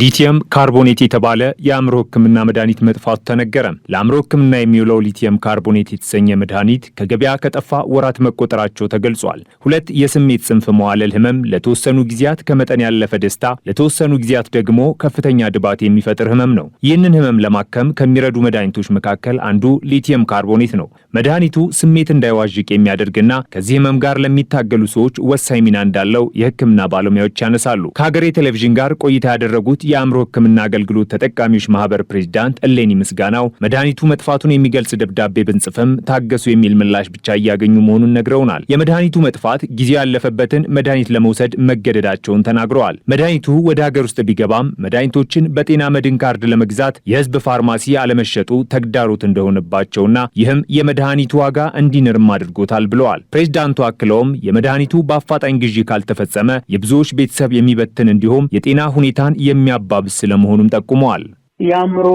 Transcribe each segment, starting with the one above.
ሊቲየም ካርቦኔት የተባለ የአእምሮ ሕክምና መድኃኒት መጥፋቱ ተነገረ። ለአእምሮ ሕክምና የሚውለው ሊቲየም ካርቦኔት የተሰኘ መድኃኒት ከገበያ ከጠፋ ወራት መቆጠራቸው ተገልጿል። ሁለት የስሜት ጽንፍ መዋለል ህመም ለተወሰኑ ጊዜያት ከመጠን ያለፈ ደስታ፣ ለተወሰኑ ጊዜያት ደግሞ ከፍተኛ ድባት የሚፈጥር ህመም ነው። ይህንን ህመም ለማከም ከሚረዱ መድኃኒቶች መካከል አንዱ ሊቲየም ካርቦኔት ነው። መድኃኒቱ ስሜት እንዳይዋዥቅ የሚያደርግና ከዚህ ህመም ጋር ለሚታገሉ ሰዎች ወሳኝ ሚና እንዳለው የህክምና ባለሙያዎች ያነሳሉ። ከሀገሬ ቴሌቪዥን ጋር ቆይታ ያደረጉት የአእምሮ ሕክምና አገልግሎት ተጠቃሚዎች ማህበር ፕሬዚዳንት እሌኒ ምስጋናው መድኃኒቱ መጥፋቱን የሚገልጽ ደብዳቤ ብንጽፍም ታገሱ የሚል ምላሽ ብቻ እያገኙ መሆኑን ነግረውናል። የመድኃኒቱ መጥፋት ጊዜ ያለፈበትን መድኃኒት ለመውሰድ መገደዳቸውን ተናግረዋል። መድኃኒቱ ወደ ሀገር ውስጥ ቢገባም መድኃኒቶችን በጤና መድን ካርድ ለመግዛት የህዝብ ፋርማሲ አለመሸጡ ተግዳሮት እንደሆነባቸውና ይህም የመድኃኒቱ ዋጋ እንዲንርም አድርጎታል ብለዋል። ፕሬዚዳንቱ አክለውም የመድኃኒቱ በአፋጣኝ ግዢ ካልተፈጸመ የብዙዎች ቤተሰብ የሚበትን እንዲሁም የጤና ሁኔታን የሚያ የሚያባብስ ስለመሆኑም ጠቁመዋል። የአእምሮ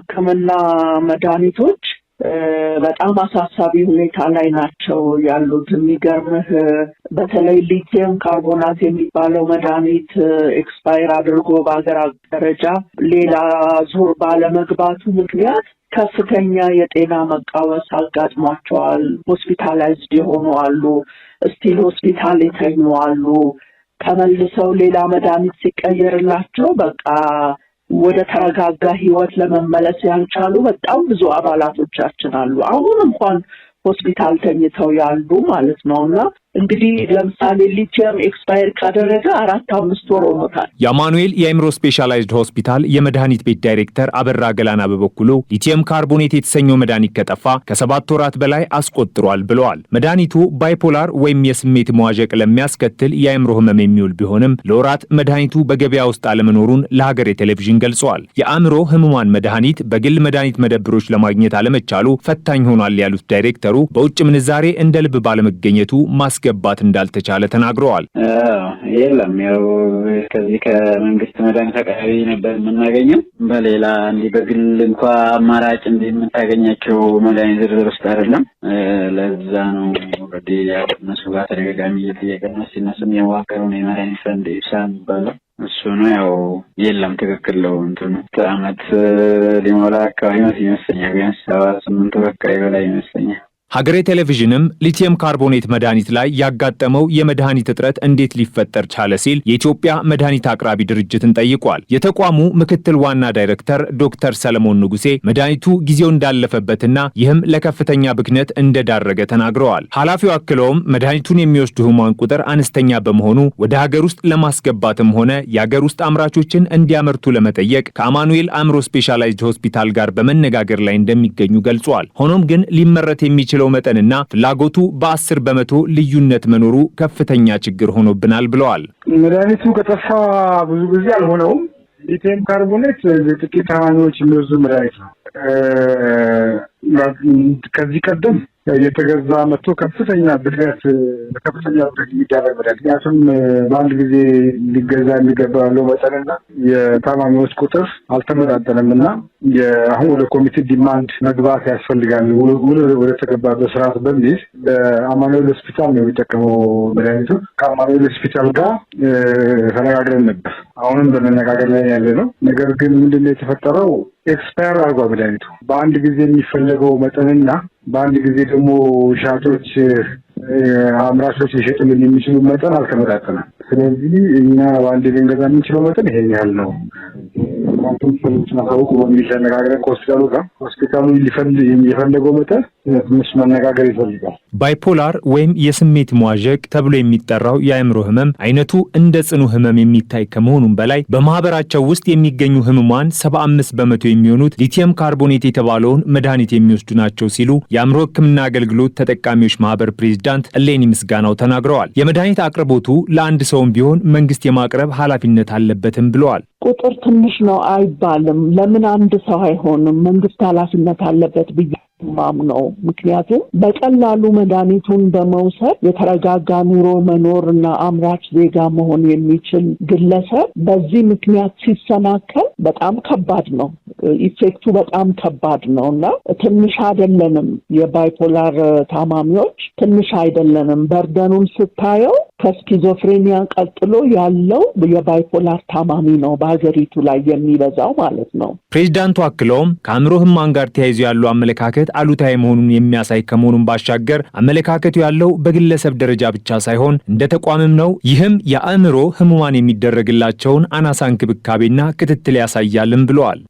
ሕክምና መድኃኒቶች በጣም አሳሳቢ ሁኔታ ላይ ናቸው ያሉት። የሚገርምህ በተለይ ሊቲየም ካርቦናት የሚባለው መድኃኒት ኤክስፓየር አድርጎ በሀገር ደረጃ ሌላ ዙር ባለመግባቱ ምክንያት ከፍተኛ የጤና መቃወስ አጋጥሟቸዋል። ሆስፒታላይዝድ የሆኑ አሉ፣ ስቲል ሆስፒታል የተኙ አሉ። ተመልሰው ሌላ መድኃኒት ሲቀየርላቸው በቃ ወደ ተረጋጋ ህይወት ለመመለስ ያልቻሉ በጣም ብዙ አባላቶቻችን አሉ። አሁን እንኳን ሆስፒታል ተኝተው ያሉ ማለት ነው እና እንግዲህ ለምሳሌ ሊቲየም ኤክስፓየር ካደረገ አራት አምስት ወር ሆኖታል። የአማኑኤል የአእምሮ ስፔሻላይዝድ ሆስፒታል የመድኃኒት ቤት ዳይሬክተር አበራ ገላና በበኩሉ ሊቲየም ካርቦኔት የተሰኘው መድኃኒት ከጠፋ ከሰባት ወራት በላይ አስቆጥሯል ብለዋል። መድኃኒቱ ባይፖላር ወይም የስሜት መዋዠቅ ለሚያስከትል የአእምሮ ህመም የሚውል ቢሆንም ለወራት መድኃኒቱ በገበያ ውስጥ አለመኖሩን ለሀገሬ ቴሌቪዥን ገልጸዋል። የአእምሮ ህሙማን መድኃኒት በግል መድኃኒት መደብሮች ለማግኘት አለመቻሉ ፈታኝ ሆኗል ያሉት ዳይሬክተሩ በውጭ ምንዛሬ እንደ ልብ ባለመገኘቱ ማስ ማስገባት እንዳልተቻለ ተናግረዋል። የለም ያው ከዚህ ከመንግስት መድኃኒት አቅራቢ ነበር የምናገኘው። በሌላ እንዲህ በግል እንኳ አማራጭ እንዲህ የምታገኛቸው መድኃኒት ዝርዝር ውስጥ አይደለም። ለዛ ነው እንግዲህ ያው እነሱ ጋር ተደጋጋሚ እየጠየቀ ነው። ሲነሱም የዋቀሩን የመድኃኒት ፈንድ ኢብሳ የሚባለው እሱ ነው። ያው የለም ትክክል ነው። እንትኑ አመት ሊሞላ አካባቢ ይመስለኛል፣ ቢያንስ ሰባት ስምንት በቃ በላይ ይመስለኛል። ሀገሬ ቴሌቪዥንም ሊቲየም ካርቦኔት መድኃኒት ላይ ያጋጠመው የመድኃኒት እጥረት እንዴት ሊፈጠር ቻለ ሲል የኢትዮጵያ መድኃኒት አቅራቢ ድርጅትን ጠይቋል። የተቋሙ ምክትል ዋና ዳይሬክተር ዶክተር ሰለሞን ንጉሴ መድኃኒቱ ጊዜው እንዳለፈበትና ይህም ለከፍተኛ ብክነት እንደዳረገ ተናግረዋል። ኃላፊው አክለውም መድኃኒቱን የሚወስዱ ህሙማን ቁጥር አነስተኛ በመሆኑ ወደ ሀገር ውስጥ ለማስገባትም ሆነ የሀገር ውስጥ አምራቾችን እንዲያመርቱ ለመጠየቅ ከአማኑኤል አእምሮ ስፔሻላይዝድ ሆስፒታል ጋር በመነጋገር ላይ እንደሚገኙ ገልጿል። ሆኖም ግን ሊመረት የሚችል የሚችለው መጠንና ፍላጎቱ በአስር በመቶ ልዩነት መኖሩ ከፍተኛ ችግር ሆኖብናል ብለዋል። መድኃኒቱ ከጠፋ ብዙ ጊዜ አልሆነውም። ሊቲየም ካርቦኔት ጥቂት ታማሚዎች የሚወዙ መድኃኒት ነው። ከዚህ ቀደም የተገዛ መጥቶ ከፍተኛ ብድረት ከፍተኛ ብድረት የሚዳረግ ምክንያቱም በአንድ ጊዜ ሊገዛ የሚገባ ያለው መጠንና የታማሚዎች ቁጥር አልተመጣጠንም እና አሁን ወደ ኮሚቴ ዲማንድ መግባት ያስፈልጋል። ውል ወደ ተገባበት ስርዓት በሚል አማኑኤል ሆስፒታል ነው የሚጠቀመው መድኃኒቱ። ከአማኑኤል ሆስፒታል ጋር ተነጋግረን ነበር። አሁንም በመነጋገር ላይ ያለ ነው። ነገር ግን ምንድነው የተፈጠረው? ኤክስፓየር አርጓ መድኃኒቱ በአንድ ጊዜ የሚፈለገው መጠንና በአንድ ጊዜ ደግሞ ሻጮች አምራቾች ሊሸጡልን የሚችሉ መጠን አልተመጣጠነም። ስለዚህ እኛ በአንድ ልንገዛ የምንችለው መጠን ይሄን ያህል ነው። በሚል ተነጋግረን ከሆስፒታሉ ጋር ሆስፒታሉ የፈለገው መጠን ትንሽ መነጋገር ይፈልጋል። ባይፖላር ወይም የስሜት መዋዠቅ ተብሎ የሚጠራው የአእምሮ ህመም አይነቱ እንደ ጽኑ ህመም የሚታይ ከመሆኑም በላይ በማህበራቸው ውስጥ የሚገኙ ህሙማን 75 በመቶ የሚሆኑት ሊቲየም ካርቦኔት የተባለውን መድኃኒት የሚወስዱ ናቸው ሲሉ የአእምሮ ህክምና አገልግሎት ተጠቃሚዎች ማህበር ፕሬዚዳንት እሌኒ ምስጋናው ተናግረዋል። የመድኃኒት አቅርቦቱ ለአንድ ሰውም ቢሆን መንግስት የማቅረብ ኃላፊነት አለበትም ብለዋል። ቁጥር ትንሽ ነው አይባልም። ለምን አንድ ሰው አይሆንም? መንግስት ኃላፊነት አለበት ብዬ ማም ነው። ምክንያቱም በቀላሉ መድኃኒቱን በመውሰድ የተረጋጋ ኑሮ መኖር እና አምራች ዜጋ መሆን የሚችል ግለሰብ በዚህ ምክንያት ሲሰናከል በጣም ከባድ ነው። ኢፌክቱ በጣም ከባድ ነው እና ትንሽ አይደለንም። የባይፖላር ታማሚዎች ትንሽ አይደለንም። በርደኑን ስታየው ከስኪዞፍሬኒያ ቀጥሎ ያለው የባይፖላር ታማሚ ነው በሀገሪቱ ላይ የሚበዛው ማለት ነው። ፕሬዚዳንቱ አክለውም ከአእምሮ ህማን ጋር ተያይዞ ያለው አመለካከት አሉታዊ መሆኑን የሚያሳይ ከመሆኑን ባሻገር አመለካከቱ ያለው በግለሰብ ደረጃ ብቻ ሳይሆን እንደ ተቋምም ነው። ይህም የአእምሮ ህሙማን የሚደረግላቸውን አናሳ እንክብካቤና ክትትል ያሳያልም ብለዋል።